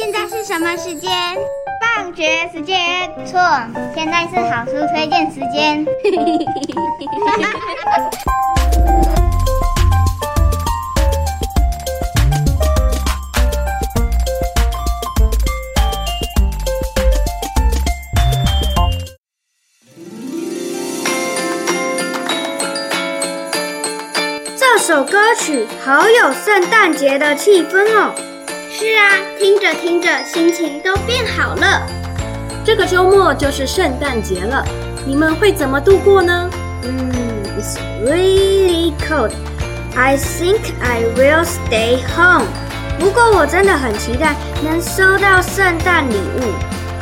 現在是什麼時間？放學時間。錯，現在是好書推薦時間。 這首歌曲好有聖誕節的氣氛哦。是啊，聽着聽着，心情都變好了。這個周末就是聖誕節了，你們會怎麼度過呢？嗯，It's really cold. I think I will stay home. 不過我真的很期待能收到聖誕禮物。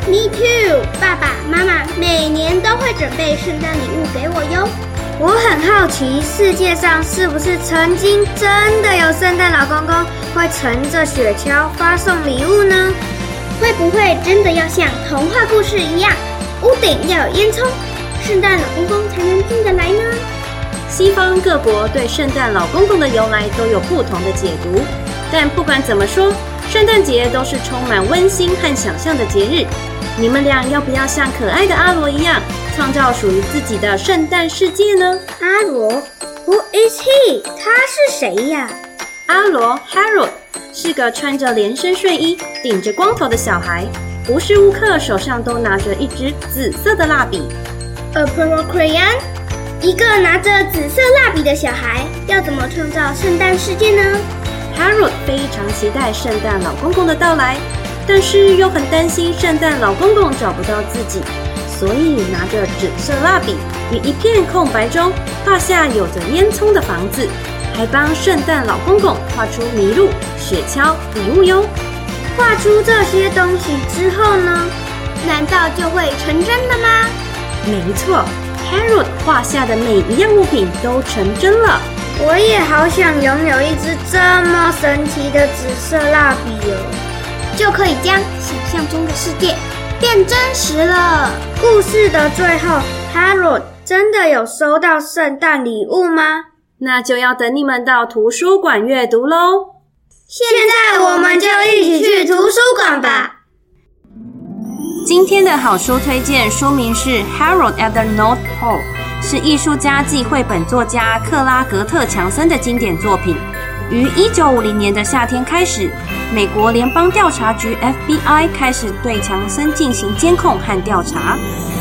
Me too. 爸爸媽媽每年都會準備聖誕禮物給我喲。我很好奇，世界上是不是曾經真的有聖誕老公公會乘着雪橇發送禮物呢？會不會真的要像童話故事一樣，屋頂要有煙囪，聖誕老公公才能進得來呢？西方各國對聖誕老公公的由來都有不同的解讀，但不管怎麼說，聖誕節都是充滿溫馨和想象的節日。你們倆要不要像可愛的阿羅一樣？創造屬於自己的聖誕世界呢？阿羅，Who is he？他是誰呀？阿羅，Harold 是個穿着連身睡衣、頂着光頭的小孩，無時無刻手上都拿着一支紫色的蠟筆。A purple crayon。一個拿着紫色蠟筆的小孩，要怎麼創造聖誕世界呢？Harold 非常期待聖誕老公公的到來，但是又很擔心聖誕老公公找不到自己。所以拿着紫色蠟筆，與一片空白中畫下有着煙囪的房子，還幫聖誕老公公畫出麋鹿、雪橇禮、禮物喲。畫出這些東西之後呢？難道就會成真的嗎？沒錯，Harold 畫下的每一樣物品都成真了。我也好想擁有一支這麼神奇的紫色蠟筆喲、哦，就可以將想象中的世界。變真實了。故事的最後，Harold 真的有收到聖誕禮物嗎？那就要等你們到圖書館閱讀嘍。現在我們就一起去圖書館吧。今天的好書推薦書名是《Harold at the North Pole》，是藝術家暨繪本作家克拉格特·強森的經典作品。於一九五零年的夏天開始，美國聯邦調查局 （FBI） 開始對強森進行監控和調查。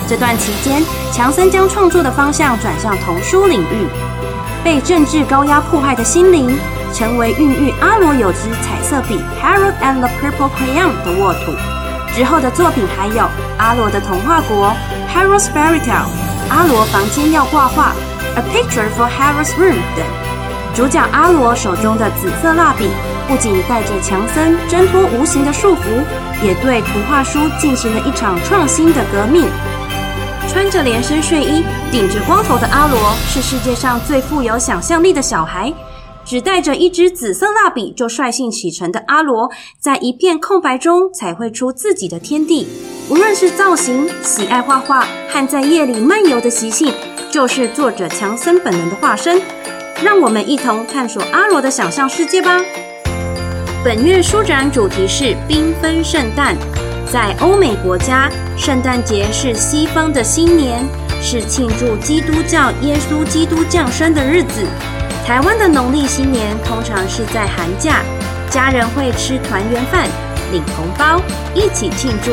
這段期間，強森將創作的方向轉向童書領域。被政治高壓迫害的心靈，成為孕育《阿羅有隻彩色筆》（Harold and the Purple Crayon） 的沃土。之後的作品還有《阿羅的童話國》（Harold's Fairy Tale）、《阿羅房間要掛畫》（A Picture for Harold's Room） 等。主角阿羅手中的紫色蠟筆，不僅帶着強森掙脫無形的束縛，也對圖畫書進行了一場創新的革命。穿着連身睡衣、頂着光頭的阿羅，是世界上最富有想象力的小孩。只帶着一支紫色蠟筆就率性啟程的阿羅，在一片空白中，彩繪出自己的天地。無論是造型、喜愛畫畫和在夜裡漫遊的習性，就是作者強森本人的化身。讓我們一同探索阿羅的想象世界吧。本月書展主題是繽紛聖誕。在歐美國家，聖誕節是西方的新年，是慶祝基督教耶穌基督降生的日子。台灣的農曆新年通常是在寒假，家人會吃團圓飯、領紅包，一起慶祝。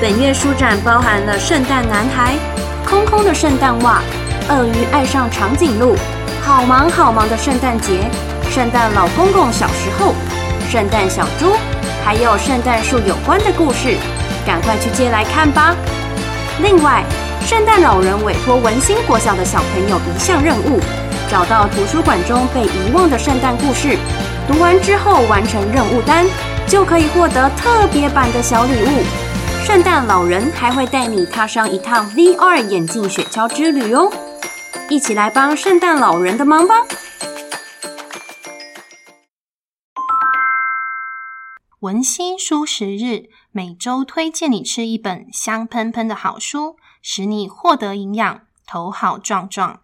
本月書展包含了《聖誕男孩》、《空空的聖誕襪》、《鱷魚愛上長頸鹿》。好忙好忙的聖誕節，聖誕老公公小時候，聖誕小豬，還有聖誕樹有關的故事，趕快去借來看吧。另外，聖誕老人委托文欣國小的小朋友一項任務：找到圖書館中被遺忘的聖誕故事，讀完之後完成任務單，就可以獲得特別版的小禮物。聖誕老人還會帶你踏上一趟 VR 眼鏡雪橇之旅哦。一起來幫聖誕老人的忙吧！文欣書食日，每週推薦你吃一本香噴噴的好書，使你獲得營養，頭好壯壯。